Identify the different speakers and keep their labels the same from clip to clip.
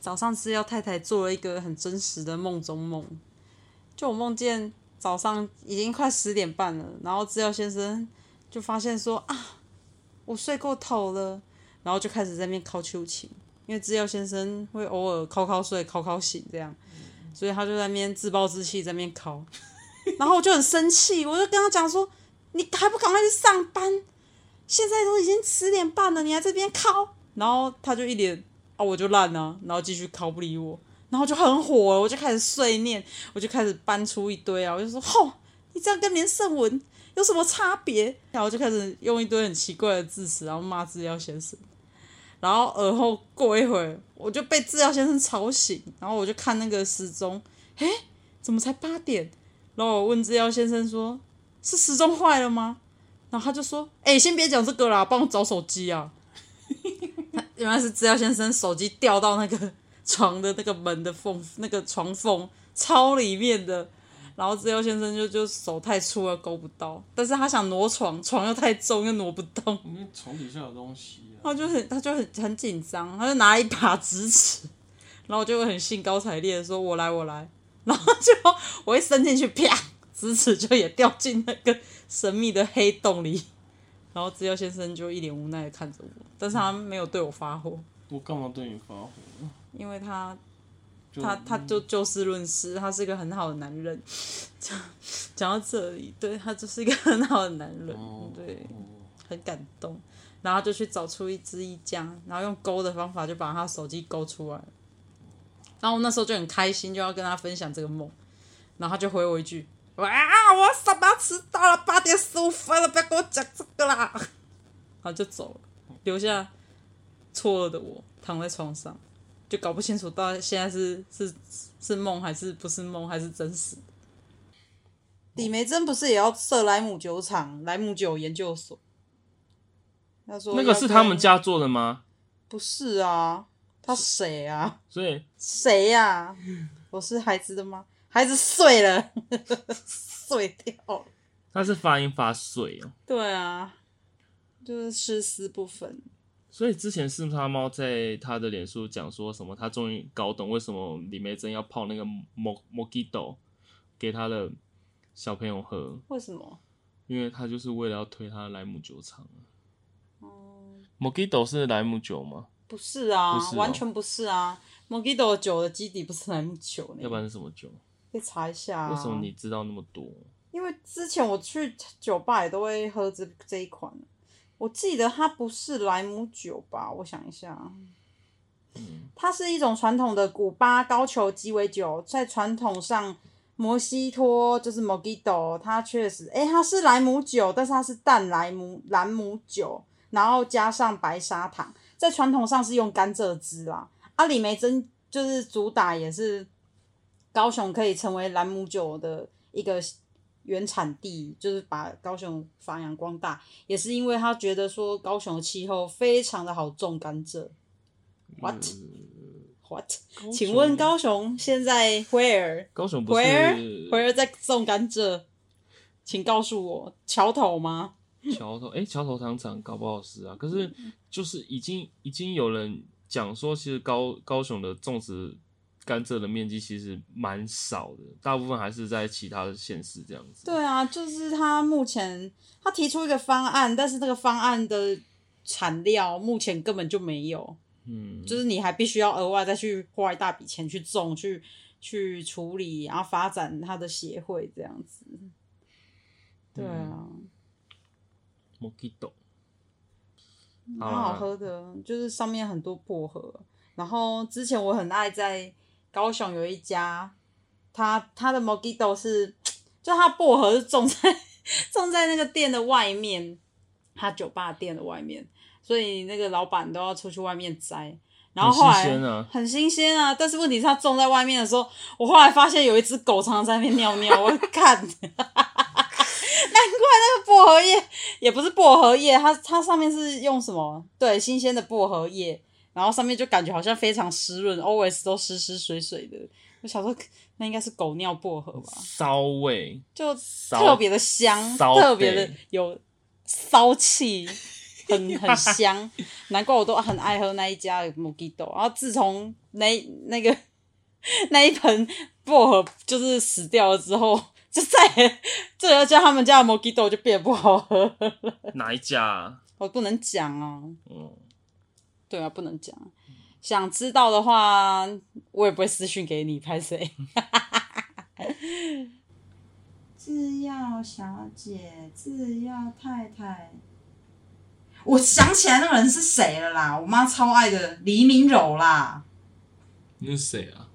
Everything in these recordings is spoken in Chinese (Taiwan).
Speaker 1: 早上，製藥太太做了一個很真實的夢中夢，就我夢見早上已經快十點半了，然後製藥先生就發現說啊，我睡過頭了，然後就開始在那邊靠秋情，因為製藥先生會偶爾靠靠睡、靠靠醒這樣，所以他就在那邊自暴自棄在那邊靠，然後我就很生氣，我就跟他講說，你還不趕快去上班，現在都已經十點半了，你還在那邊靠，然後他就一臉。啊，我就爛了，然後繼續考不理我，然後就很火了，我就開始碎念，我就開始搬出一堆啊，我就說吼、哦，你這樣跟連勝文有什麼差別？然後我就開始用一堆很奇怪的字詞，然後罵志耀先生。然後而後過一會，我就被志耀先生吵醒，然後我就看那個時鐘，誒，怎麼才八點？然後我問志耀先生說，是時鐘壞了嗎？然後他就說，哎，先別講這個啦，幫我找手機啊。 原來是製藥先生手機掉到那個床的那個門的縫，那個床縫超裡面的，然後製藥先生就就手太粗了勾不到，但是他想挪床，床又太重又挪不動，因為床底下有東西、啊他。他就很他就很很緊張，他就拿一把直尺，然後就很興高采烈的說：“我來我來。”然後就我一伸進去，啪，直尺就也掉進那個神秘的黑洞裡。然後製藥先生就一臉無奈的看着我，但是他沒有對我發火。
Speaker 2: 我幹嘛對你發火？
Speaker 1: 因為他，就他他就就事論事，他是一個很好的男人。講講到這裡，對他就是一個很好的男人，哦、對，很感動。然後就去找出一隻衣架，然後用勾的方法就把他手機勾出來。然後我那時候就很開心，就要跟他分享這個夢，然後他就回我一句。哇、啊！我麼要上班遲到了，八點十五分了，不要跟我講這個啦。然 後就走了，留下錯愕的我躺在床上，就搞不清楚到現在是是是夢還是不是夢，還是真實。李眉蓁不是也要設萊姆酒廠、萊姆酒研究所？他說要那個是他們
Speaker 2: 家做的嗎？
Speaker 1: 不是啊，他誰啊？
Speaker 2: 所以
Speaker 1: 誰呀、啊？我是孩子的嗎？還是碎了，碎 掉了。
Speaker 2: 他是發音發碎哦、喔。
Speaker 1: 對啊，就是詩思不分。
Speaker 2: 所以之前四叉貓在他的臉書講說什麼？他終於搞懂為什麼李眉蓁要泡那個 mo mojito 給他的小朋友喝？
Speaker 1: 為什麼？
Speaker 2: 因為他就是為了要推他萊姆酒廠啊。嗯，mojito 是萊姆酒嗎？
Speaker 1: 不是啊，不是喔、完全不是啊。mojito、的、酒的基底不是萊姆酒，要
Speaker 2: 不然是什麼酒？
Speaker 1: 可以查一下。為什麼你
Speaker 2: 知道那麼多？
Speaker 1: 因為之前我去酒吧也都會喝這這一款，我記得它不是萊姆酒吧？我想一下，嗯、它是一種傳統的古巴高球雞尾酒，在傳統上摩西托就是莫吉托，它確實，哎、欸，它是萊姆酒，但是它是淡萊姆、藍姆酒，然後加上白砂糖，在傳統上是用甘蔗汁啦。阿、啊、李眉蓁就是主打也是，高雄可以成為蘭姆酒的一個原產地，就是把高雄發揚光大，也是因為他覺得說高雄的氣候非常的好種甘蔗。What？What？請問高雄現在 where？高雄不是 where？where where 在種甘蔗？請告訴我橋頭嗎？
Speaker 2: 橋 頭，哎、欸，橋頭糖廠搞不好事啊。可是就是已經已經有人講說，其實高高雄的種植甘蔗的面積其實蠻少的，大部分還是在其他縣市這樣
Speaker 1: 子。對啊，就是他目前他提出一個方案，但是那個方案的產料目前根本就沒有，嗯，就是你還必須要額外再去花一大筆錢去種、去去處理，然後發展他的協會這樣子。
Speaker 2: 對啊，Mojito，
Speaker 1: 蠻好喝的，啊、就是上面很多薄荷。然後之前我很愛在。高雄有一家，他他的 mojito 是，就他薄荷是種在種在那個店的外面，他酒吧店的外面，所以那個老闆都要出去外面摘，然後後來很新鮮啊，啊，但是問題是他種在外面的時候，我後來發現有一隻狗常常在那邊尿尿，我看， 難怪那個薄荷葉也不是薄荷葉，它它上面是用什麼？對，新鮮的薄荷葉。然後上面就感覺好像非常濕潤，Always 都濕濕水水水的。我小時候那應該是狗尿薄荷吧？
Speaker 2: 騷味，
Speaker 1: 就特別的香，北特別的有騷氣，很很香。 難怪我都很愛喝那一家的 mojito，然後自從那那個那一盆薄荷就是死掉了之後，就再也，這要叫他們家的 mojito 就變不好喝。
Speaker 2: 哪一家啊？
Speaker 1: 我不能講啊。嗯。對啊，不能講。想知道的話，我也不會私訊給你拍誰。製藥 小姐、製藥太太，我想起來那個人是誰了啦。我媽超愛的黎明柔啦。
Speaker 2: 你是誰啊？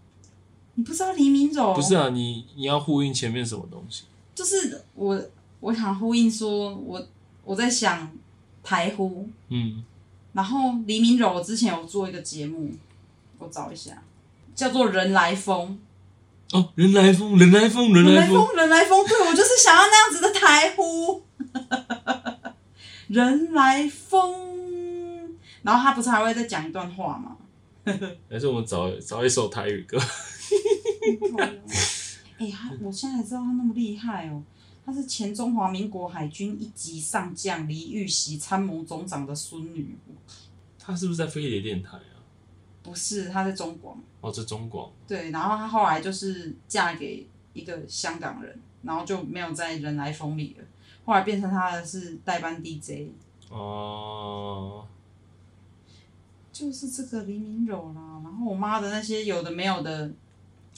Speaker 1: 你不知道黎明柔？不是啊，
Speaker 2: 你你要呼應前面什麼東
Speaker 1: 西？就是我，我想呼應說，我我在想台呼，嗯。然後黎明柔我之前有做一個節目，我找一下，叫做人、哦，《人來瘋》
Speaker 2: 哦，《人來瘋》，《人來瘋》對，《人來瘋》，
Speaker 1: 《人來瘋》，對，我就是想要那樣子的台呼， 人來瘋。然後他不是還會再講一段話嗎？
Speaker 2: 還是我們找找一首台語歌？哎 呀、
Speaker 1: 哦，我現在也知道他那麼厲害哦。她是前中華民國海軍一級上將黎玉璽參謀總長的孫女。她是不是在飛碟電台啊？不是，她在中廣。
Speaker 2: 哦，在中廣。
Speaker 1: 對，然後她後來就是嫁給一個香港人，然後就沒有在人來瘋裡了。後來變成她的是代班 DJ。哦。就是這個黎明柔啦，然後我媽的那些有的沒有的。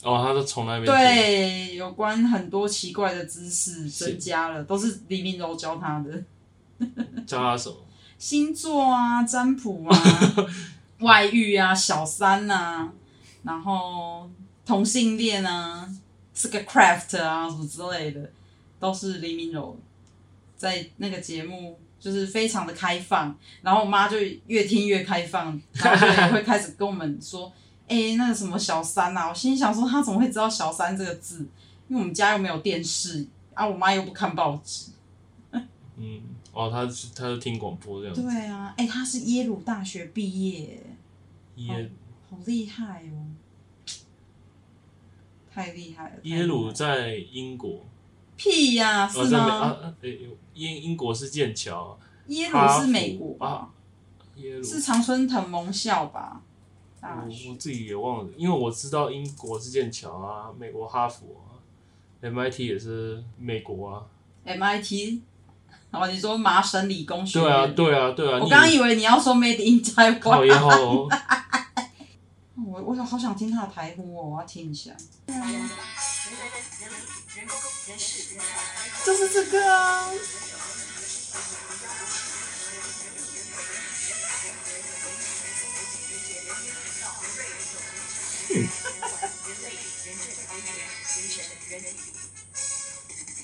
Speaker 2: 哦，oh, 他都從來沒。對，對，對，
Speaker 1: 有關很多奇怪的知識增加了，是都是黎明柔教他的。
Speaker 2: 教他什麼？
Speaker 1: 星座啊，占卜啊， 外遇啊，小三啊？然後同性戀啊，是個 craft 啊，什麼之類的，都是黎明柔在那個節目，就是非常的開放，然後我媽就越聽越開放，她就會開始跟我們說。 哎，那是、個、什麼小三吶、啊，我心裡想說他怎麼會知道“小三”這個字？因為我們家又沒有電視，啊，我媽又不看報紙。
Speaker 2: 嗯，哦，他是他聽廣播這樣子。
Speaker 1: 對啊，哎，他是耶魯大學畢業耶。耶、哦，好厲害哦！太厲害了。害了耶魯
Speaker 2: 在英國。
Speaker 1: 屁呀、啊，是嗎？哦、啊，
Speaker 2: 哎，英英國是劍橋，耶魯是美
Speaker 1: 國、啊啊。耶魯是常春藤盟校吧？
Speaker 2: 我我自己也忘了，因為我知道英國是劍橋啊，美國哈佛啊，MIT 也是美國啊。
Speaker 1: MIT，哦、啊，你說麻省理工學院。對啊，
Speaker 2: 對啊，對啊。我剛以
Speaker 1: 為你要說 Made in Taiwan 好。好 我想好想聽他的台呼哦，我要聽一下。就是這個、啊。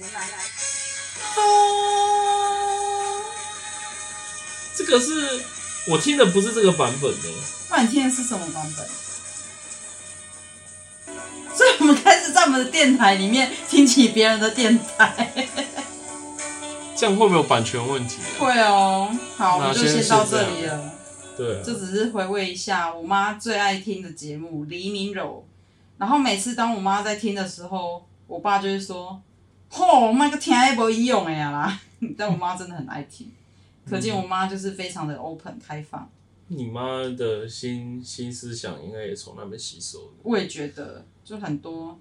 Speaker 1: 啊、嗯呃！這個是
Speaker 2: 我聽的，不是這個版本呢。
Speaker 1: 那你聽的是什麼版本？所以我們開始在我們的電台裡面聽起別人的電台，
Speaker 2: 這樣會不會有版權問題、
Speaker 1: 啊、 會哦。好，先我們就先到這裡了。對、啊。這只是回味一下我媽最愛聽的節目《黎明柔》。然後每次當我媽在聽的時候，我爸就會說。吼 m 個 t o b 聽起無用誒呀啦！ 但我媽真的很愛聽，
Speaker 2: 可見我
Speaker 1: 媽就是非常的 open、嗯、哼開放。
Speaker 2: 你媽的新新思想應該也從那邊
Speaker 1: 吸收了。我也覺得，就很多，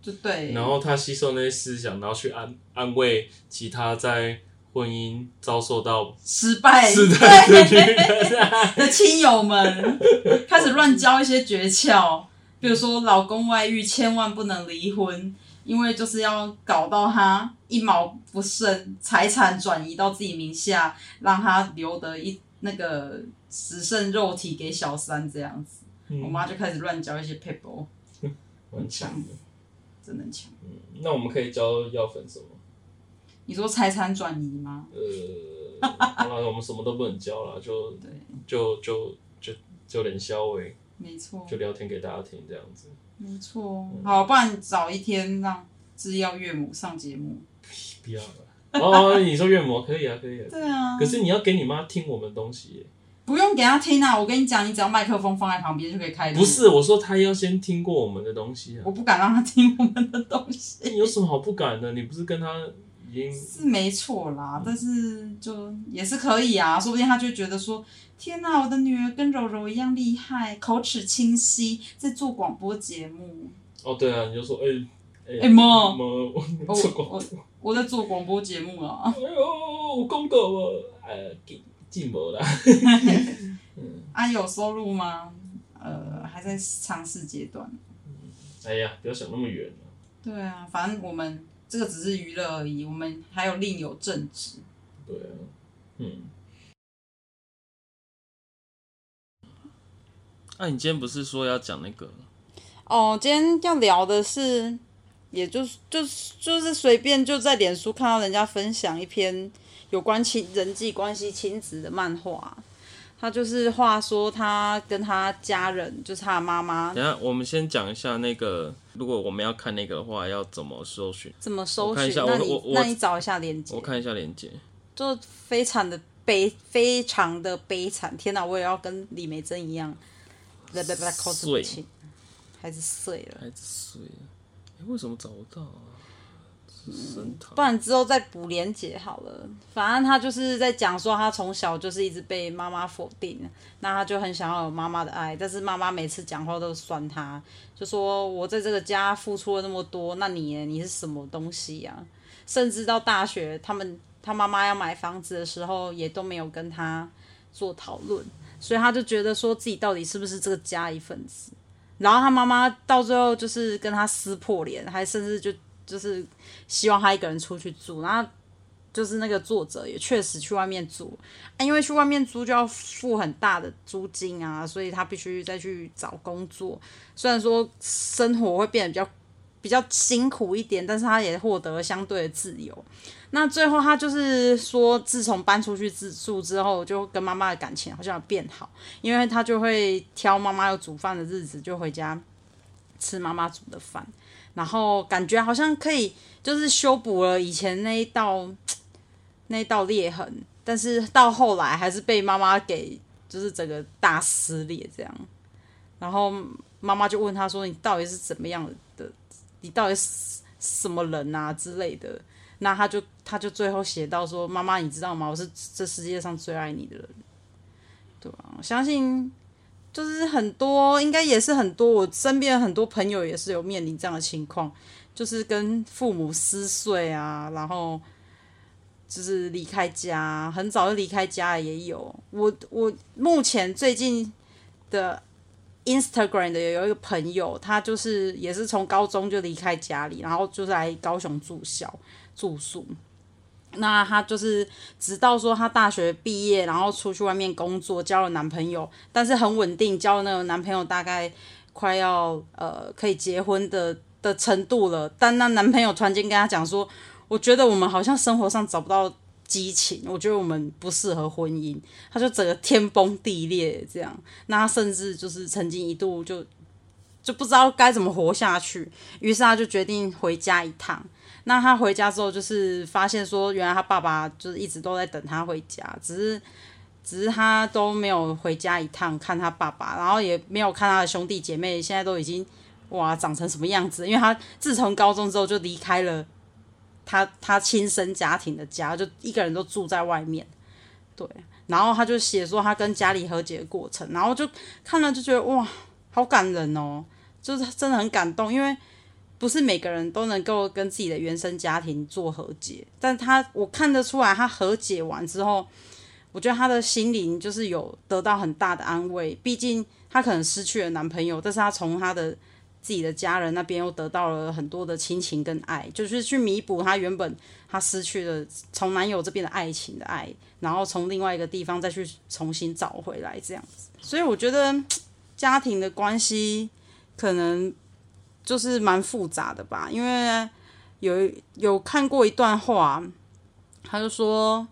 Speaker 1: 就對。然後
Speaker 2: 她吸收那些思想，然後去安安慰其他在婚姻遭受到
Speaker 1: 失敗失敗的親對笑友們， 開始亂教一些訣竅，比如說老公外遇千萬不能離婚。因為就是要搞到他一毛不剩，財產轉移到自己名下，讓他留得一那個只剩肉體給小三這樣子。嗯、我媽就開始亂教一些撇步，
Speaker 2: 很強的，強的真的很強、嗯。那我們可以教藥粉什麼？
Speaker 1: 你說財產轉移嗎？
Speaker 2: 呃，當然我們什麼都不能教了， 就就就就就冷消喂。
Speaker 1: 沒錯錯。就
Speaker 2: 聊天給大家聽這樣子。
Speaker 1: 沒錯，嗯、好，不然找一天讓製藥岳母上節目，
Speaker 2: 不要了。哦、oh, oh,， 你說岳母可以啊，可以、啊。對啊，可是你要給你媽聽我們的東西耶，
Speaker 1: 不用給她聽啊！我跟你講，你只要麥克風放在旁邊就可以開。不是，我
Speaker 2: 說她要先聽過我們的東西、啊、我不敢讓她聽我們的東西，欸、你有什麼好不敢的？你不是跟她？已是
Speaker 1: 沒錯啦，嗯、但是就也是可以啊，說不定他就覺得說，天哪、啊，我的女兒跟柔柔一樣厲害，口齒清晰，在做廣播節目。
Speaker 2: 哦，對啊，你就說，哎、欸、哎，媽、欸、媽、欸，我
Speaker 1: 我在做廣播節目啊哎。哎呦，我公告呃，進進無啦， 啊，有收入嗎？呃，還在嘗試階段。
Speaker 2: 哎呀，不要想那麼遠、啊。
Speaker 1: 對啊，反正我們。這個只是娛樂而已，我們還有另有正
Speaker 2: 職。對啊，嗯。那、啊、你今天不是說要講那個？
Speaker 1: 哦，今天要聊的是，也就是就是就是隨便就在臉書看到人家分享一篇有關親人際關係親子的漫畫。他就是，話說他跟他家人，就是他媽媽。等下，
Speaker 2: 我們先講一下那個。如果我們要看那個的話，要怎麼搜尋？怎麼搜尋你？我你我我我，那你找一下鏈接。我看一下鏈接。
Speaker 1: 就非常的悲，非常的悲慘。天吶，啊，我也要跟李眉蓁一樣，不死睡。孩子碎了。孩子碎
Speaker 2: 了。哎、欸，為什麼找不到啊？
Speaker 1: 嗯，不然之後再補連結好了。反正他就是在講說，他從小就是一直被媽媽否定，那他就很想要有媽媽的愛，但是媽媽每次講話都酸他，就說我在這個家付出了那麼多，那你你是什麼東西呀？啊？甚至到大學，他們他媽媽要買房子的時候，也都沒有跟他做討論，所以他就覺得說自己到底是不是這個家一份子。然後他媽媽到最後就是跟他撕破臉，還甚至就。就是希望他一個人出去住，然後就是那個作者也確實去外面住，因為去外面租就要付很大的租金啊，所以他必須再去找工作。雖然說生活會變得比較比較辛苦一點，但是他也獲得了相對的自由。那最後他就是說，自從搬出去自住之後，就跟媽媽的感情好像變好，因為他就會挑媽媽要煮飯的日子，就回家吃媽媽煮的飯。然後感覺好像可以，就是修補了以前那一道那一道裂痕，但是到後來還是被媽媽給就是整個大撕裂這樣。然後媽媽就問他說：“你到底是怎麼樣的？你到底是什麼人啊之類的？”那他就他就最後寫到說：“媽媽，你知道嗎？我是這世界上最愛你的人。”對啊，我相信。就是很多，應該也是很多。我身邊很多朋友也是有面臨這樣的情況，就是跟父母撕碎啊，然後就是離開家，很早就離開家也有。我我目前最近的 Instagram 的有一個朋友，他就是也是從高中就離開家裡，然後就在高雄住校住宿。那她就是直到說她大學畢業，然後出去外面工作，交了男朋友，但是很穩定，交了那個男朋友大概快要呃可以結婚的的程度了。但那男朋友突然間跟她講說，我覺得我們好像生活上找不到激情，我覺得我們不適合婚姻。她就整個天崩地裂這樣。那她甚至就是曾經一度就就不知道該怎麼活下去。於是她就決定回家一趟。那他回家之後，就是發現說，原來他爸爸就是一直都在等他回家，只是，只是他都沒有回家一趟看他爸爸，然後也沒有看他的兄弟姐妹，現在都已經，哇，長成什麼樣子？因為他自從高中之後就離開了他他親生家庭的家，就一個人都住在外面。對，然後他就寫說他跟家裡和解的過程，然後就看了就覺得哇，好感人哦，就是真的很感動，因為。不是每個人都能夠跟自己的原生家庭做和解，但他我看得出來，他和解完之後，我覺得他的心靈就是有得到很大的安慰。畢竟他可能失去了男朋友，但是他從他的自己的家人那邊又得到了很多的親情跟愛，就是去彌補他原本他失去了從男友這邊的愛情的愛，然後從另外一個地方再去重新找回來這樣子。所以我覺得家庭的關係可能。就是蠻複雜的吧，因為有有看過一段話，他就說，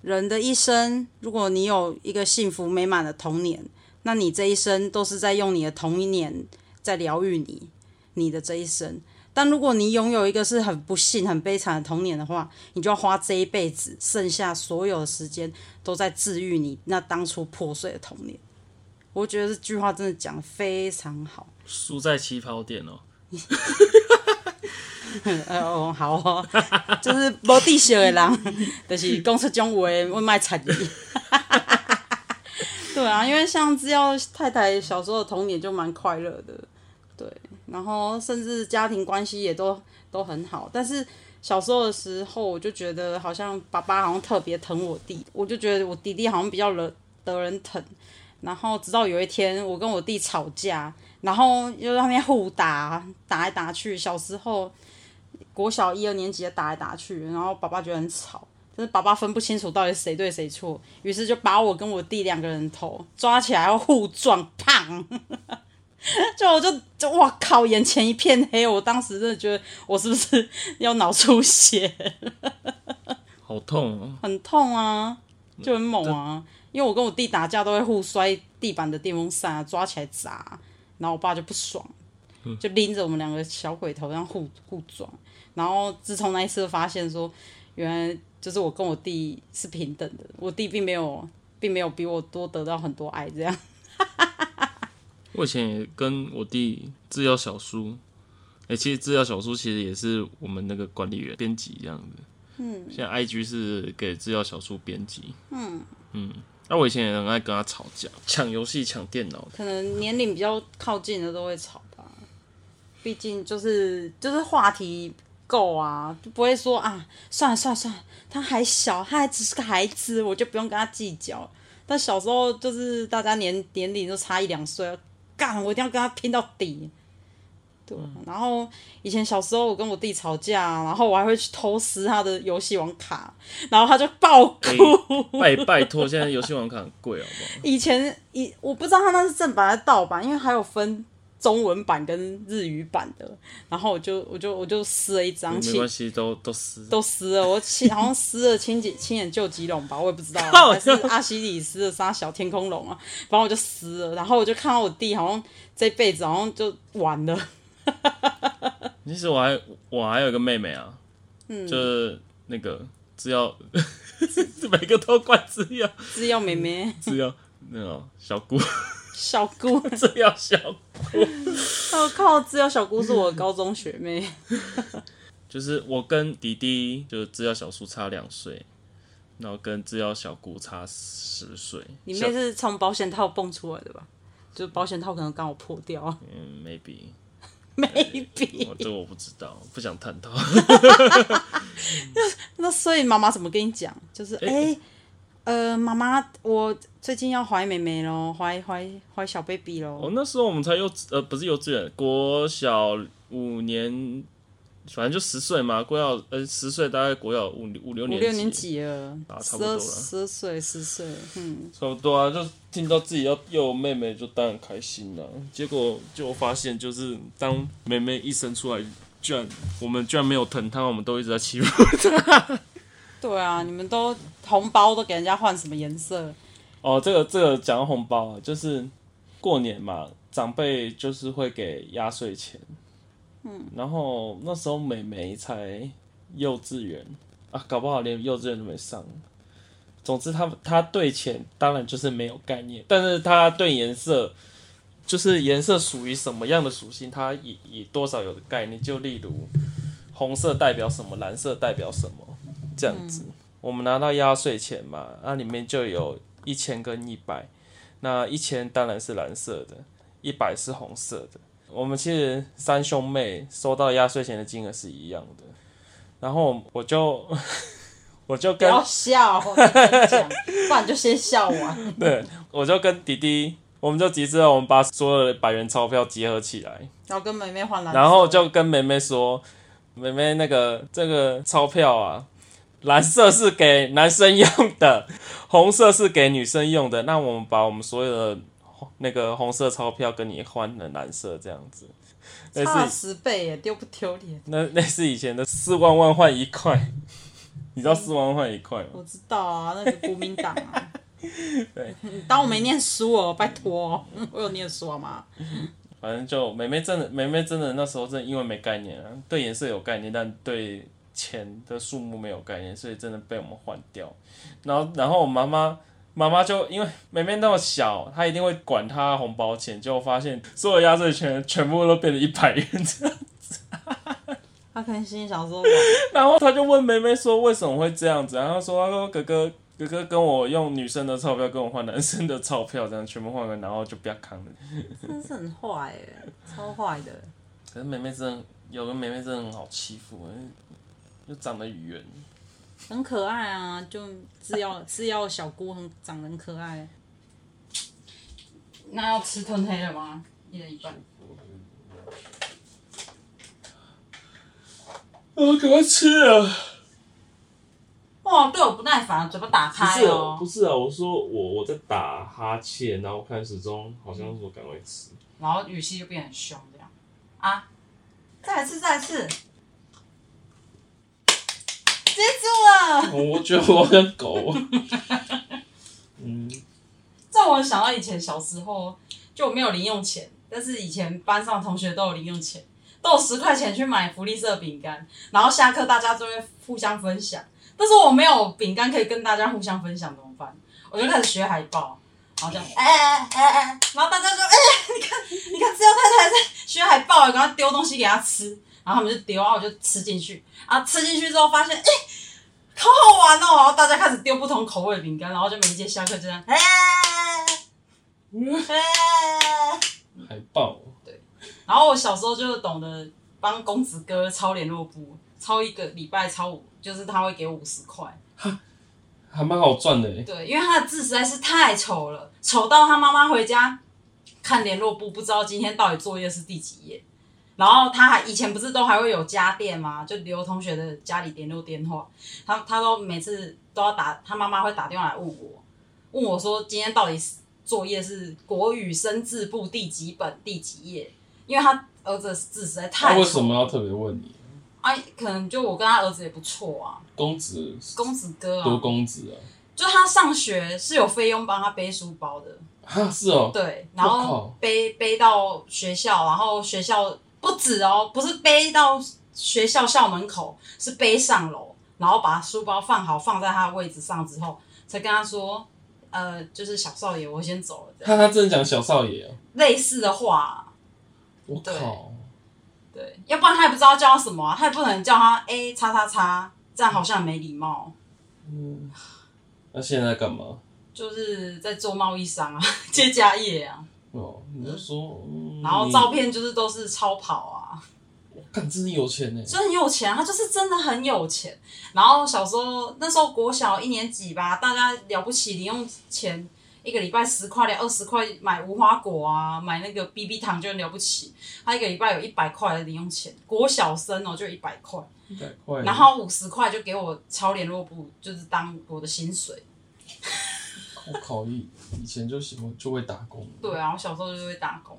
Speaker 1: 人的一生，如果你有一個幸福美滿的童年，那你這一生都是在用你的童年在療癒你你的這一生。但如果你擁有一個是很不幸很悲慘的童年的話，你就要花這一輩子剩下所有的時間都在治癒你那當初破碎的童年。我覺得這句話真的講非常好。
Speaker 2: 輸在起跑點哦、喔，
Speaker 1: 哎呦好哦、喔，就是沒地識的人，就是公司中位會賣慘一點。 對啊，因為像製藥太太小時候的童年就蠻快樂的，對，然後甚至家庭關係也都都很好。但是小時候的時候，我就覺得好像爸爸好像特別疼我弟，我就覺得我弟弟好像比較惹得人疼。然後直到有一天，我跟我弟吵架。然後又在那邊互打，打來打去。小時候，國小一二年級的打來打去，然後爸爸覺得很吵，就是爸爸分不清楚到底誰對誰錯，於是就把我跟我弟兩個人頭抓起來要互撞，砰！ 就我就，就哇靠，眼前一片黑，我當時真的覺得我是不是要腦出血，
Speaker 2: 好痛啊，
Speaker 1: 很痛啊，就很猛啊，這因為我跟我弟打架都會互摔地板的電風扇啊，抓起來砸。然後我爸就不爽，就拎着我們兩個小鬼頭這樣互互撞。然後自從那一次發現說，原來就是我跟我弟是平等的，我弟並沒有並沒有比我多得到很多愛這樣。
Speaker 2: 我以前也跟我弟製藥小叔，欸、其實製藥小叔其實也是我們那個管理員編輯這樣子。嗯，現在 IG 是給製藥小叔編輯。嗯嗯。嗯那、啊、我以前也很愛跟他吵架，搶遊戲、搶電腦。
Speaker 1: 可能年齡比較靠近的都會吵吧，畢 竟就是就是話題夠啊，就不會說啊，算了算了算了，他還小，他還只是個孩子，我就不用跟他計較。但小時候就是大家年年齡都差一兩歲，幹我一定要跟他拼到底。嗯、然後以前小時候我跟我弟吵架，啊，然後我還會去偷撕他的遊戲王卡，
Speaker 2: 然後他就爆哭。拜拜託！現在遊戲王卡很貴好不好？以
Speaker 1: 前以我不知道他那是正版還是盜版，因為還有分中文版跟日語版的。然後我就我就我就撕了一張，沒關係，
Speaker 2: 其都都撕
Speaker 1: 都撕了。我親好像撕了親幾 青眼究極龍吧，我也不知道還是阿西里斯殺小天空龍啊。反正我就撕了。然後我就看到我弟好像這輩子好像就完了。
Speaker 2: 其實我還我還有一個妹妹啊，嗯、就是那個製藥，
Speaker 1: 每個都怪製藥製藥妹妹
Speaker 2: 製藥那種小姑
Speaker 1: 小姑製藥小姑，我 靠製藥小姑是我的高中學妹，
Speaker 2: 就是我跟弟弟就製藥小叔差兩歲，然後跟製藥小姑差十歲。你妹是
Speaker 1: 從保險套蹦出來的吧？就是保險套可能剛好破掉、啊、嗯，maybe。
Speaker 2: Maybe，這個我不知道，不想探
Speaker 1: 討。 那所以媽媽怎麼跟你講？就是哎，欸欸、呃，媽媽，我最近要懷妹妹嘍，懷懷懷小 baby 嘍。哦，
Speaker 2: 那時候我們才幼稚呃，不是幼稚園，國小五年。反正就十歲嘛，國小呃十歲大概國小五五六年。五六年幾了？啊、十差不多
Speaker 1: 十歲，十歲，嗯，
Speaker 2: 差不多啊。就聽到自己要有妹妹，就當然開心了。結果就發現，就是當妹妹一生出來，居然我們居然沒有疼她，我們都一直在欺
Speaker 1: 負她。對啊，你們都紅包都給人家換什麼顏色？
Speaker 2: 哦，這個這個講到紅包，就是過年嘛，長輩就是會給壓歲錢。嗯，然後那時候美美才幼稚園啊，搞不好連幼稚園都沒上。總之他，他他對錢當然就是沒有概念，但是他對顏色，就是顏色屬於什麼樣的屬性，他也也多少有的概念。就例如紅色代表什麼，藍色代表什麼這樣子。嗯、我們拿到壓歲錢嘛，那、啊、裡面就有一千跟一百，那一千當然是藍色的，一百是紅色的。我們其實三兄妹收到壓歲錢的金額是一樣的，然後我我就我就跟，不要笑，
Speaker 1: 你跟你講，不然你就先笑完。對，
Speaker 2: 我就跟弟弟，我們就集資，我們把所有的百元鈔票集合起來，然
Speaker 1: 後跟妹妹換藍色，然後
Speaker 2: 就跟妹妹說，妹妹那個這個鈔票啊，藍色是給男生用的，紅色是給女生用的，那我們把我們所有的。那個紅色鈔票跟你換了藍色這樣子，差十
Speaker 1: 倍耶，丟不丟臉？
Speaker 2: 那那是以前的四萬萬換一塊， 你知道四萬萬換一塊嗎？我
Speaker 1: 知道啊，那是國民黨啊。 對，
Speaker 2: 你
Speaker 1: 當我沒念書哦，拜托、喔，我有念書嗎？
Speaker 2: 反正就妹妹真的，妹妹真的那時候真的因為沒概念啊，對顏色有概念，但對錢的數目沒有概念，所以真的被我們換掉。然後，然後我媽媽。媽媽就因為梅梅那麼小，她一定會管她紅包錢，結果發現所有壓歲錢全部都變成一百元這樣子。
Speaker 1: 她肯定心裡想說。
Speaker 2: 然後她就問梅梅說：“為什麼會這樣子？”然後她說：“她說哥哥，哥哥跟我用女生的鈔票跟我換男生的鈔票，這樣全部換了，然後就不要扛了。”
Speaker 1: 真是很壞耶，超壞的。
Speaker 2: 可是梅梅真的有個梅梅真的很好欺負，因為又長得圓。
Speaker 1: 很可愛啊，就製藥製藥小姑很長得很可愛。 那要吃吞黑了嗎？一人一半，啊。我要趕快吃啊！哇，對我不耐煩，嘴巴打開哦，喔。
Speaker 2: 不是啊，我說我我在打哈欠，然後看時鐘好像說趕快吃。
Speaker 1: 嗯，然後語氣就變很凶，這樣？啊！再一次，再一次。結束了，我覺得我像
Speaker 2: 狗。 嗯，
Speaker 1: 在我想到以前小時候，就我沒有零用錢，但是以前班上同學都有零用錢，都有十塊錢去買福利社餅乾，然後下課大家都會互相分享。但是我沒有餅乾可以跟大家互相分享，怎麼辦？我就開始學海豹，然後叫哎哎哎，然後大家說哎、欸，你看你看，製藥太太在學海豹，要丟東西給他吃。然後他們就丟，然後我就吃進去。啊，吃進去之後發現，哎，好好玩哦！然後大家開始丟不同口味的餅乾，然後就每一節下課就這樣，嗯，還
Speaker 2: 爆。對。
Speaker 1: 然後我小時候就懂得幫公子哥抄聯絡簿，抄一個禮拜，抄五，就是他會給五十塊，
Speaker 2: 還蠻好賺的。對，
Speaker 1: 因為他的字實在是太醜了，醜到他媽媽回家看聯絡簿，不知道今天到底作業是第幾頁。然後他還以前不是都還會有家電嗎？就劉同學的家裡聯絡電話，他他都每次都要打，他媽媽會打電話來問我，問我說今天到底作業是國語生字簿第幾本第幾頁？因為他兒子字實在太……他、啊、為什
Speaker 2: 麼要特別問你？
Speaker 1: 哎、啊，可能就我跟他兒子也不錯啊，
Speaker 2: 公子，
Speaker 1: 公子哥、啊，多公子啊！就他上學是有菲傭幫他背書包的啊，是哦，對，然後背靠背到學校，然後學校。不止哦，不是背到學校校門口，是背上樓，然後把書包放好，放在他的位置上之後，才跟他說，呃，就是小少爺，我先走了。看他，他真的講小
Speaker 2: 少爺、
Speaker 1: 啊、類似的話、啊。
Speaker 2: 我靠
Speaker 1: 對，對，要不然他也不知道叫他什麼啊，他也不能叫他 A 叉叉叉，這樣好像沒禮貌。
Speaker 2: 嗯，那、啊、現在幹嘛？
Speaker 1: 就是在做貿易商啊，接家業啊。
Speaker 2: 說嗯、然後照片
Speaker 1: 就是都是超跑啊！我
Speaker 2: 看真的有錢呢、欸，真
Speaker 1: 的有錢、啊，他就是真的很有錢。然後小時候那時候國小一年級吧，大家了不起，零用錢一個禮拜十塊兩二十塊買無花果啊，買那個 BB 糖就了不起。他一個禮拜有一百塊的零用錢，國小生哦、喔、就一百塊，一百塊，然後五十塊就給我抄聯絡簿，就是當我的薪水。
Speaker 2: 我考慮以前就喜歡就會打工。
Speaker 1: 對啊，我小時候就會打工。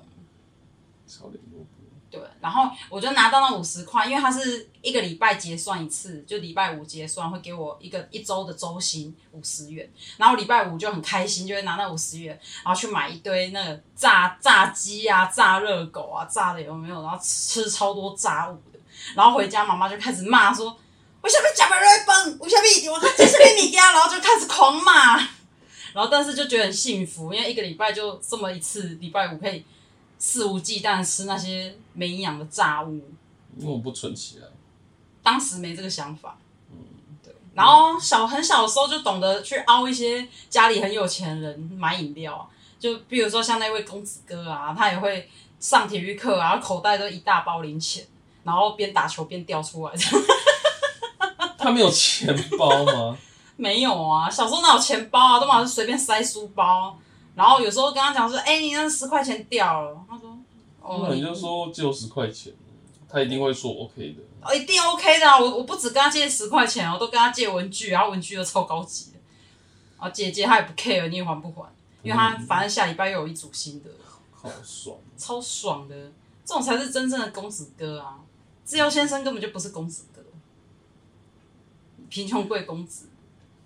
Speaker 1: 超累的。對，然後我就拿到那五十塊，因為他是一個禮拜結算一次，就禮拜五結算會給我一個一周的周薪五十元，然後禮拜五就很開心，就會拿那五十元，然後去買一堆那個炸炸雞啊、炸熱狗啊、炸的有沒有？然後吃，吃超多炸物的，
Speaker 2: 然後回家
Speaker 1: 媽媽就開始罵說：“我下面夾不熱飯，我下面一點我他就是你家”，然後就開始狂罵。然後，但是就覺得很幸福，因為一個禮拜就這麼一次，禮拜五可以肆無忌憚吃那些沒營養的炸物。
Speaker 2: 那我不存錢、啊，
Speaker 1: 當時沒這個想法。嗯，對。然後小很小的時候就懂得去凹一些家裡很有錢人買飲料、啊，就比如說像那位公子哥啊，他也會上體育課、啊，然後口袋都一大包零錢，然後邊打球邊掉出來這樣。
Speaker 2: 他沒有錢包嗎？
Speaker 1: 沒有啊，小時候哪有錢包啊，都嘛是隨便塞書包，然後有時候跟他講說，哎、欸，你那十塊錢掉了，他說，哦、嗯，oh, 你就說
Speaker 2: 借我十塊錢，嗯、他一定會說 OK 的。
Speaker 1: 哦，一定 OK 的、啊，我我不止跟他借十塊錢，我都跟他借文具，然後文具都超高級的，啊，姐姐她也不 care 你也還不還，因為她反正下禮拜又有一組新的。嗯、好爽。超爽的，這種才是真正的公子哥啊，自由先生根本就不是公子哥，貧窮貴公子。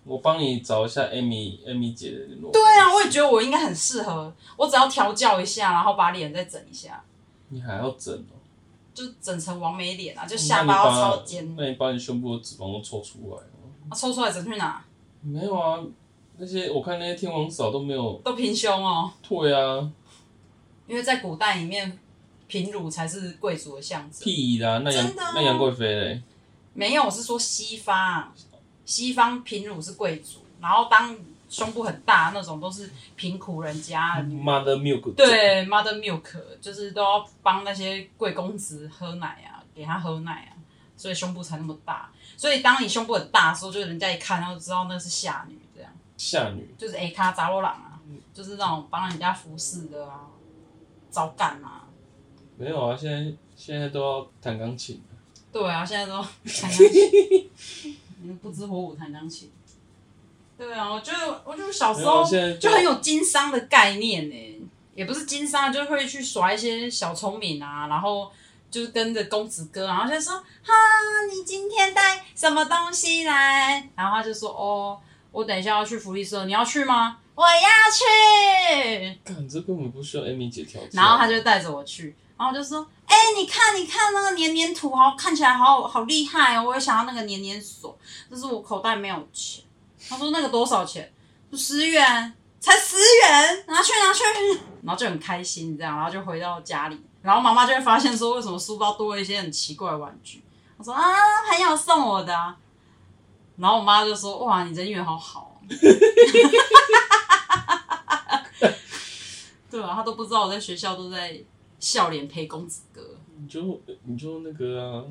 Speaker 2: 我幫你找一下 Amy Amy 姐的。
Speaker 1: 對啊，我也覺得我應該很適合，我只要調教一下，然後把臉再整一下。
Speaker 2: 你還要整哦、喔？
Speaker 1: 就整成網美臉啊，就下巴要超
Speaker 2: 尖。那你把你胸部的脂肪都抽出來。
Speaker 1: 啊，抽出來整去哪？
Speaker 2: 沒有啊，那些我看那些天王嫂都沒有。
Speaker 1: 都平胸哦、喔。對啊，因為在古代裡面，平乳才是貴族的象徵。屁啦，那楊、喔、那楊貴妃嘞？沒有，我是說西方、啊。西方貧乳是貴族，然後當胸部很大那種都是貧苦人家女。
Speaker 2: Mother milk。對
Speaker 1: ，Mother milk, 對 Mother milk 就是都要幫那些貴公子喝奶啊，給他喝奶啊，所以胸部才那麼大。所以當你胸部很大的時候，就人家一看，然後知道那是下女這樣。
Speaker 2: 下女。
Speaker 1: 就是 a 卡扎羅朗啊，就是那種幫人家服侍的啊，招幹嘛。
Speaker 2: 沒有啊，現在現在都要彈鋼琴。
Speaker 1: 對啊，現在都彈鋼琴。 不知火舞彈鋼琴，對啊，我就我就小時候就很有經商的概念呢、欸，也不是經商，就會去耍一些小聰明啊，然後就是跟着公子哥，然後就說，哈、啊，你今天帶什麼東西來？然後他就說，哦，我等一下要去福利社，你要去嗎？我要去。
Speaker 2: 感覺根本不需要 Amy 姐調節。然後他
Speaker 1: 就帶着我去。然後就說：“哎，你看，你看那個黏黏土，好看起來好好厲害哦！我也想要那個黏黏鎖，但是我口袋沒有錢。”他說：“那個多少錢？十元，才十元，拿去拿去。拿去。”然後就很開心這樣，然後就回到家裡，然後媽媽就會發現說：“為什麼書包多了一些很奇怪的玩具？”我說：“啊，朋友送我的。”啊！」然後我媽就說：“哇，你人緣好好、啊。” 對啊，他都不知道我在學校都在。笑臉陪公子哥，
Speaker 2: 你就你就那個啊，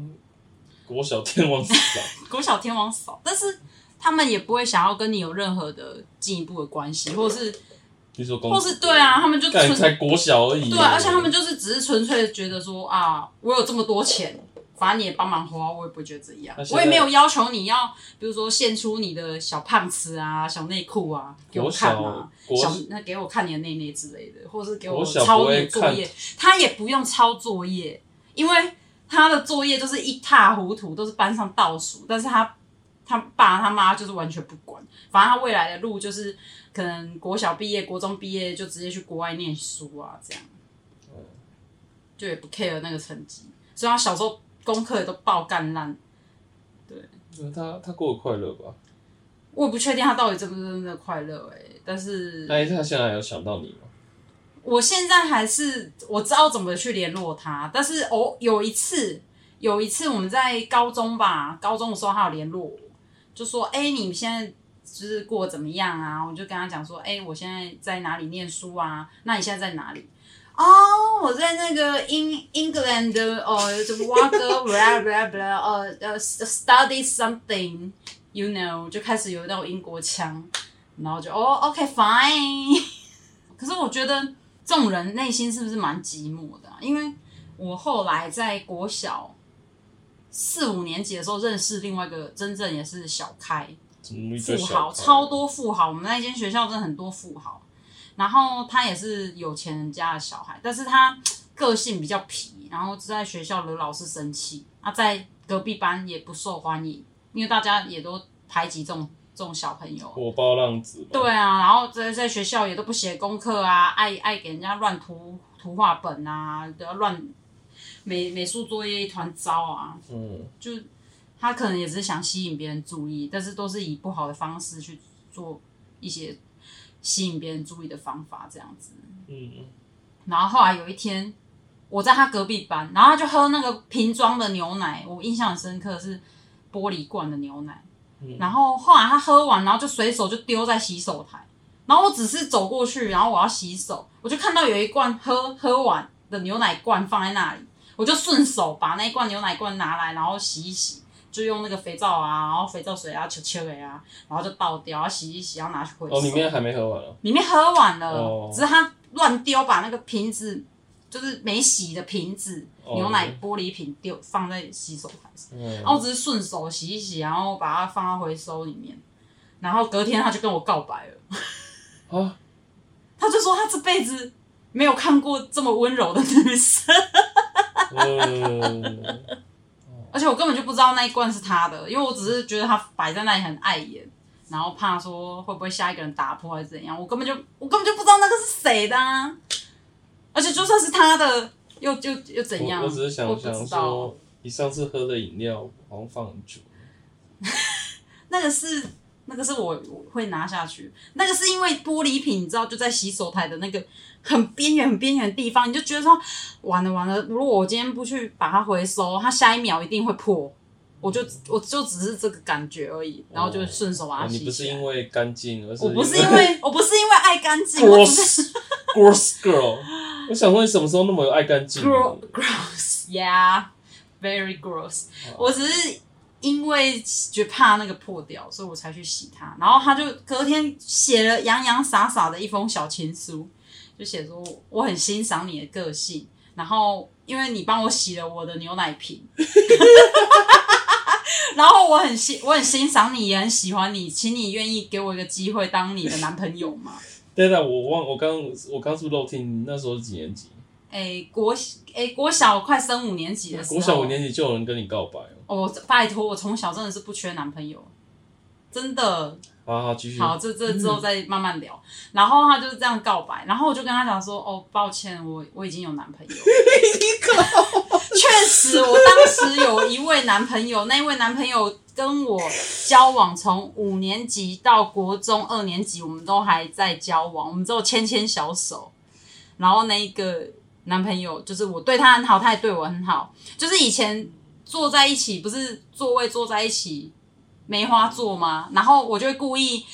Speaker 2: 國小天王嫂，
Speaker 1: 國小天王嫂，但是他們也不會想要跟你有任何的進一步的關係，或者是，你說公子，或是對啊，他們就純才國小
Speaker 2: 而已，對啊，而且他們
Speaker 1: 就是只是純粹覺得說啊，我有這麼多錢。反正你也幫忙花，我也不會覺得怎樣。我也沒有要求你要，比如說獻出你的小胖次啊、小內褲啊給我看嘛、啊。小那小國給我看你的內內之類的，或者是給我抄你的作業。他也不用抄作業，因為他的作業就是一塌糊塗，都是班上倒數。但是他他爸他媽就是完全不管，反正他未來的路就是可能國小畢業、國中畢業就直接去國外念書啊，這樣。就也不 care 那個成績，所以他小時候。功課都爆幹爛，對。是、嗯、他
Speaker 2: 他過得快樂吧？
Speaker 1: 我也不確定他到底真不真的快樂哎、欸，但是。那
Speaker 2: 他現在有想到你嗎？
Speaker 1: 我現在還是我知道怎麼去聯絡他，但是哦，有一次，有一次我們在高中吧，高中的時候他有聯絡我，就說哎、欸、你們現在就是過得怎麼樣啊？我就跟他講說哎、欸、我現在在哪裡念書啊？那你現在在哪裡？哦，oh, 我在那個英英 England，呃，oh，Walk，blah blah blah，呃，呃，study something，you know，就開始有那種英國腔，然後就哦，OK，fine。Oh, okay, fine 可是我覺得這種人內心是不是蠻寂寞的啊？因為我後來在國小四五年級的時候認識另外一個真正也是小開
Speaker 2: 富豪，超
Speaker 1: 多富豪。我們那間學校真的很多富豪。然後他也是有錢人家的小孩，但是他個性比較皮，然後在學校惹老師生氣，啊，在隔壁班也不受歡迎，因為大家也都排擠這種這種小朋友。
Speaker 2: 火爆浪子。
Speaker 1: 對啊，然後在在學校也都不寫功課啊，愛愛給人家亂塗塗畫本啊，都要亂美美術作業一團糟啊。嗯，就他可能也是想吸引別人注意，但是都是以不好的方式去做一些。吸引別人注意的方法，這樣子。嗯嗯。然後後來有一天，我在他隔壁班，然後他就喝那個瓶裝的牛奶，我印象很深刻，是玻璃罐的牛奶。嗯。然後後來他喝完，然後就隨手就丟在洗手台，然後我只是走過去，然後我要洗手，我就看到有一罐喝喝完的牛奶罐放在那裡，我就順手把那一罐牛奶罐拿來，然後洗一洗。就用那個肥皂啊，然後肥皂水啊，搓搓的啊，然後就倒掉，然後洗一洗，然後拿去回收。哦，裡面還沒喝完啊？裡面喝完了，完了哦、只是他亂丟，把那個瓶子，就是沒洗的瓶子，哦、牛奶玻璃瓶丟放在洗手台上，嗯、然後我只是順手洗一洗，然後把它放到回收裡面，然後隔天他就跟我告白了。啊、哦？他就說他這輩子沒有看過這麼溫柔的女生。嗯 而且我根本就不知道那一罐是他的，因為我只是覺得他擺在那裡很礙眼，然後怕說會不會下一個人打破或者怎樣，我根本就我根本就不知道那個是誰的啊，而且就算是他的，又又又怎樣？我，我只是想知道想說，
Speaker 2: 你上次喝的飲料好像放很久。
Speaker 1: 那個是。那個是我，我會拿下去，那個是因為玻璃瓶，你知道就在洗手台的那個很邊緣、很邊緣的地方，你就覺得說完了完了，如果我今天不去把它回收，它下一秒一定會破，我就我就只是這個感覺而已，哦、然後就順手把它洗、哦哦。你
Speaker 2: 不是因為乾淨，而是我不是因為
Speaker 1: 我不是因為愛乾淨
Speaker 2: ，gross gross girl， 我想問你什麼時候那麼有愛乾淨
Speaker 1: ？gross yeah very gross，哦、我只是。因為覺得怕那個破掉，所以我才去洗它。然後他就隔天寫了洋洋灑灑的一封小情書，就寫說我很欣賞你的個性，然後因為你幫我洗了我的牛奶瓶， 然後我很欣我很欣賞你也很喜歡你，請你願意給我一個機會當你的男朋友嗎？
Speaker 2: 對的，我忘我剛我剛是不是都聽那時候是幾年級？哎、欸，國
Speaker 1: 哎、欸、國小快升五年級的時候，國小五
Speaker 2: 年級就有人跟你告白！
Speaker 1: 哦，拜託，我從小真的是不缺男朋友，真的。
Speaker 2: 好好繼續，好，這這之後再
Speaker 1: 慢慢聊。嗯。然後他就是這樣告白，然後我就跟他講說：“哦，抱歉，我我已經有男朋友。”一個，確實，我當時有一位男朋友， 那一位男朋友跟我交往從五年級到國中 二年級，我們都還在交往，我們之後牽牽小手。然後那一個男朋友就是我對他很好，他也對我很好，就是以前。坐在一起，不是座位坐在一起梅花座嗎？然後我就會故意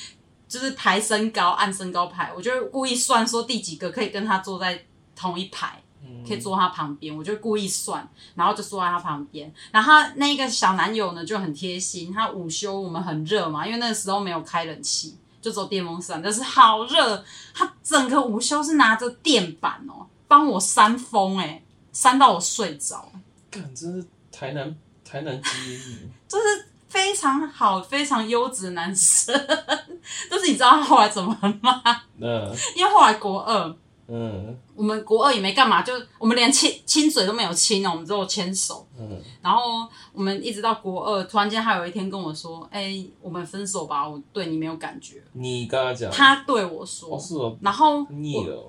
Speaker 1: 就是排身高，按身高排，我就會故意算說第幾個可以跟他坐在同一排，嗯、可以坐他旁邊，我就故意算，然後就坐在他旁邊。然後他那個小男友呢就很貼心，他午休，我們很熱嘛，因為那個時候沒有開冷氣，就走電風扇，但、就是好熱。他整個午休是拿着墊板，哦、喔，幫我扇風、欸，哎，扇到我睡着。幹真是。才
Speaker 2: 能，才能你
Speaker 1: 就是非常好、非常優質的男生， 就是你知道他後來怎麼了嗎？那 因為後來國二。嗯， 我們國二也沒幹嘛，就我們連親親嘴都沒有親哦，我們只有牽手。 然後我們一直到國二，突然間他有一天跟我說：“哎、欸，我們分手吧，我對你沒有感覺。”
Speaker 2: 你跟他講？他
Speaker 1: 對我說。然後，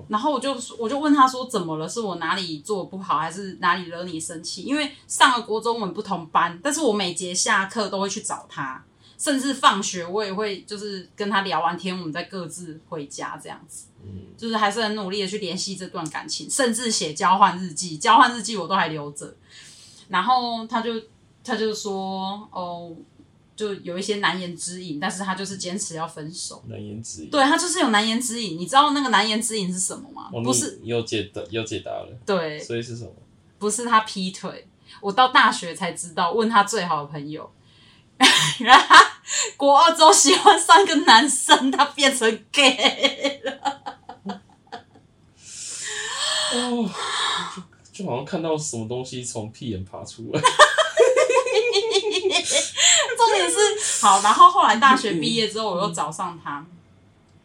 Speaker 1: 然後我就我就問他說：“怎麼了？是我哪裡做的不好，還是哪裡惹你生氣？”因為上了國中我們不同班，但是我每節下課都會去找他。甚至放學我也會就是跟他聊完天，我們再各自回家這樣子，嗯、就是還是很努力的去聯繫這段感情，甚至寫交換日記，交換日記我都還留着。然後他就他就說哦，就有一些難言之隱，但是他就是堅持要分手。難言之隱。對，他就是有難言之隱，你知道那個難言之隱是什麼嗎？不是、哦、
Speaker 2: 你又解答又解答了。對。所以是什
Speaker 1: 麼？不是他劈腿，我到大學才知道，問他最好的朋友。原 二他國澳洲喜歡上個男生，他變成 gay 了，哦，就
Speaker 2: 就好像看到什麼東西從屁眼爬出
Speaker 1: 來。 重點是好，然後後來大學畢業之後，嗯，我又找上他。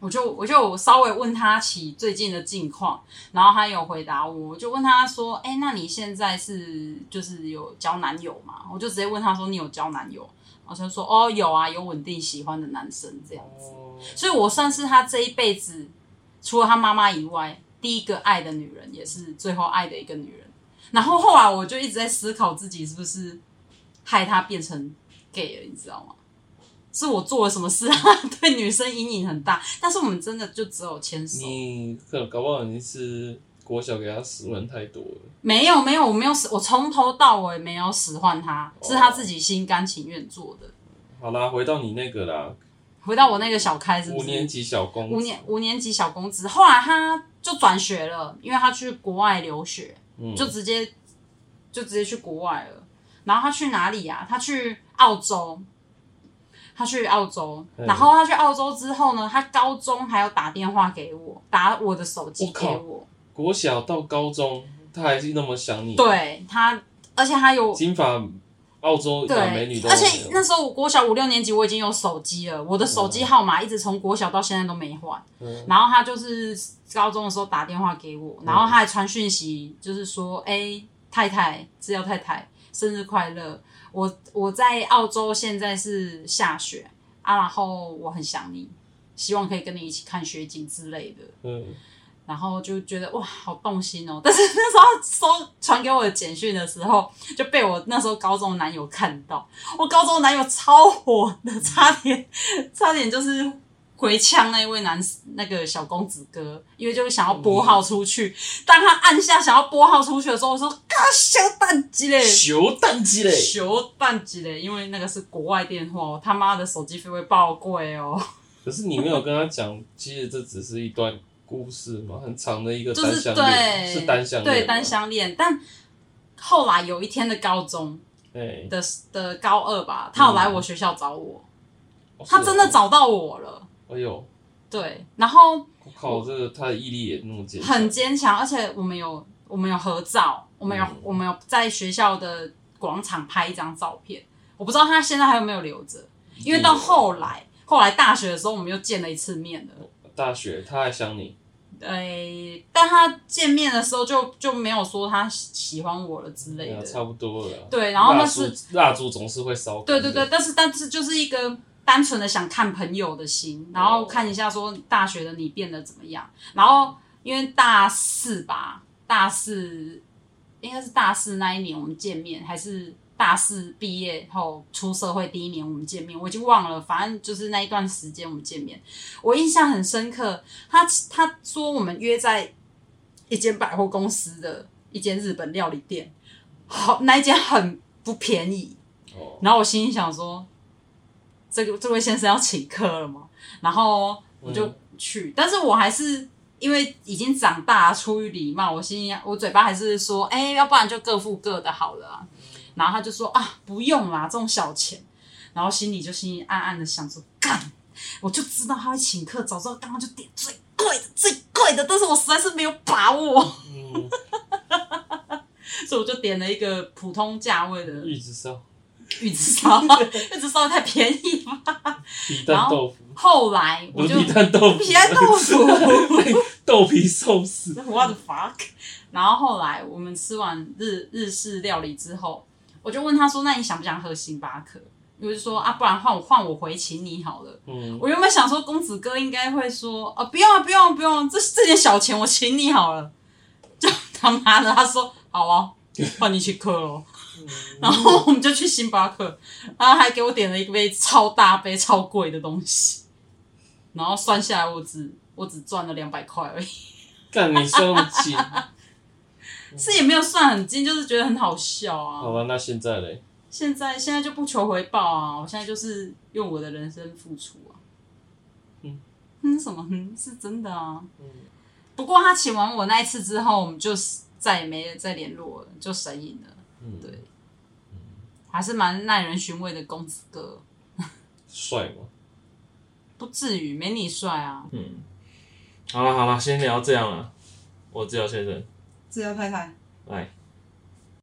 Speaker 1: 我就我就稍微問他起最近的近況，然後他有回答我，我就問他說：“欸，那你現在是就是有交男友嗎？”我就直接問他說：“你有交男友？”然後他就說：“哦，有啊，有穩定喜歡的男生這樣子。”所以，我算是他這一輩子除了他媽媽以外第一個愛的女人，也是最後愛的一個女人。然後後來我就一直在思考自己是不是害他變成 gay 了，你知道嗎？是我做了什麼事啊？嗯、 對女生陰影很大，但是我們真的就只有牽手。你
Speaker 2: 可搞不好你是國小給他使喚太多了。
Speaker 1: 沒有沒有，我沒有使，我從頭到尾沒有使喚他，哦、是他自己心甘情願做的。
Speaker 2: 好啦，回到你那個啦，
Speaker 1: 回到我那個小開始。五年
Speaker 2: 級小公，五
Speaker 1: 年五年級小公子。後來他就轉學了，因為他去國外留學，嗯、就直接就直接去國外了。然後他去哪裡呀、啊？他去澳洲。他去澳洲，然後他去澳洲之後呢，他高中還要打電話給我，打我的手機給我。
Speaker 2: 哦。國小到高中，他還是那麼想你。對，
Speaker 1: 他，而且他有
Speaker 2: 金髮澳洲對，美女都沒。而且
Speaker 1: 那時候我國小五六年級，我已經有手機了，我的手機號碼一直從國小到現在都沒換。哇然後他就是高中的時候打電話給我，然後他還傳訊息，就是說：“哎、嗯欸，太太，製藥太太。”生日快樂！我我在澳洲，現在是下雪啊，然後我很想你，希望可以跟你一起看雪景之類的。嗯，然後就覺得哇，好動心哦。但是那時候收傳給我的簡訊的時候，就被我那時候高中男友看到，我高中男友超火的，差點差點就是。回嗆那一位男，那個小公子哥，因為就是想要撥號出去。當、嗯、他按下想要撥號出去的時候，我說：“嘎、啊，小等一咧！小等一咧！小等一咧！”因為那個是國外電話，他媽的手機費會爆貴哦。可是你沒有
Speaker 2: 跟他講，其實這只是一段故事嘛，很長的一個單相戀，就是、對是單相對單
Speaker 1: 相戀。但後來有一天的高中，
Speaker 2: 對的
Speaker 1: 的高二吧，他有來我學校找我，
Speaker 2: 嗯、他
Speaker 1: 真的找到我了。哎呦，對，然後
Speaker 2: 我靠，這個他的毅力也那麼堅，很
Speaker 1: 堅強，而且我們有我們有合照，我們有、嗯、我們有在學校的廣場拍一張照片，我不知道他現在還有沒有留着，因為到後來、嗯、後來大學的時候我們又見了一次面了。
Speaker 2: 大學他還想你？
Speaker 1: 哎，但他見面的時候就就沒有說他喜喜歡我了之類的，哎、
Speaker 2: 差不多了。對，然後他是蠟燭總是會燒，對對對，
Speaker 1: 但是但是就是一根。單純的想看朋友的心，然後看一下說大學的你變得怎麼樣。然後因為大四吧，大四應該是大四那一年我們見面，還是大四畢業後出社會第一年我們見面，我已經忘了。反正就是那一段時間我們見面，我印象很深刻。他他說我們約在一間百貨公司的一間日本料理店，好，那一間很不便宜。然後我心裡想說，這個這位先生要請客了嗎？然後我就去，嗯、但是我還是因為已經長大，出於禮貌，我心裡我嘴巴還是說，哎，要不然就各付各的好了，啊。然後他就說啊，不用啦，這種小錢。然後心裡就心裡暗暗的想說，幹，我就知道他會請客，早知道剛剛就點最貴的最貴的，但是我實在是沒有把握，嗯、 所以我就點了一個普通價位的玉子燒。玉子燒，玉子燒太便宜了。皮蛋豆腐。後，後來我就皮蛋豆腐，皮蛋豆腐， 豆
Speaker 2: 皮壽司。What
Speaker 1: the fuck？然後後來我們吃完日日式料理之後，我就問他說：“那你想不想喝星巴克？”我就說：“啊，不然換我換我回請你好了。”嗯。我原本想說公子哥應該會說：“啊，啊不,啊、不用啊，不用不用，這這點小錢我請你好了。”就他媽的，他說：“好啊，換你去喝嘍。” 嗯、然後我們就去星巴克，他還給我點了一杯超大杯、超貴的東西，然後算下來我只我只賺了兩百塊而已。幹你算很精， 是也沒有算很精，就是覺得很好笑啊。好
Speaker 2: 吧，那現在嘞？
Speaker 1: 現在現在就不求回報啊！我現在就是用我的人生付出啊。嗯哼、嗯，什麼、嗯、是真的啊？嗯。不過他請完我那一次之後，我們就再也沒再聯絡了，就神隱了。嗯，對。還是蠻耐人尋味的公子哥，帥
Speaker 2: 嗎？
Speaker 1: 不至於，沒你帥啊。嗯，
Speaker 2: 好了好了，先聊這樣了。我製藥先生，
Speaker 1: 製藥太太，
Speaker 2: 來。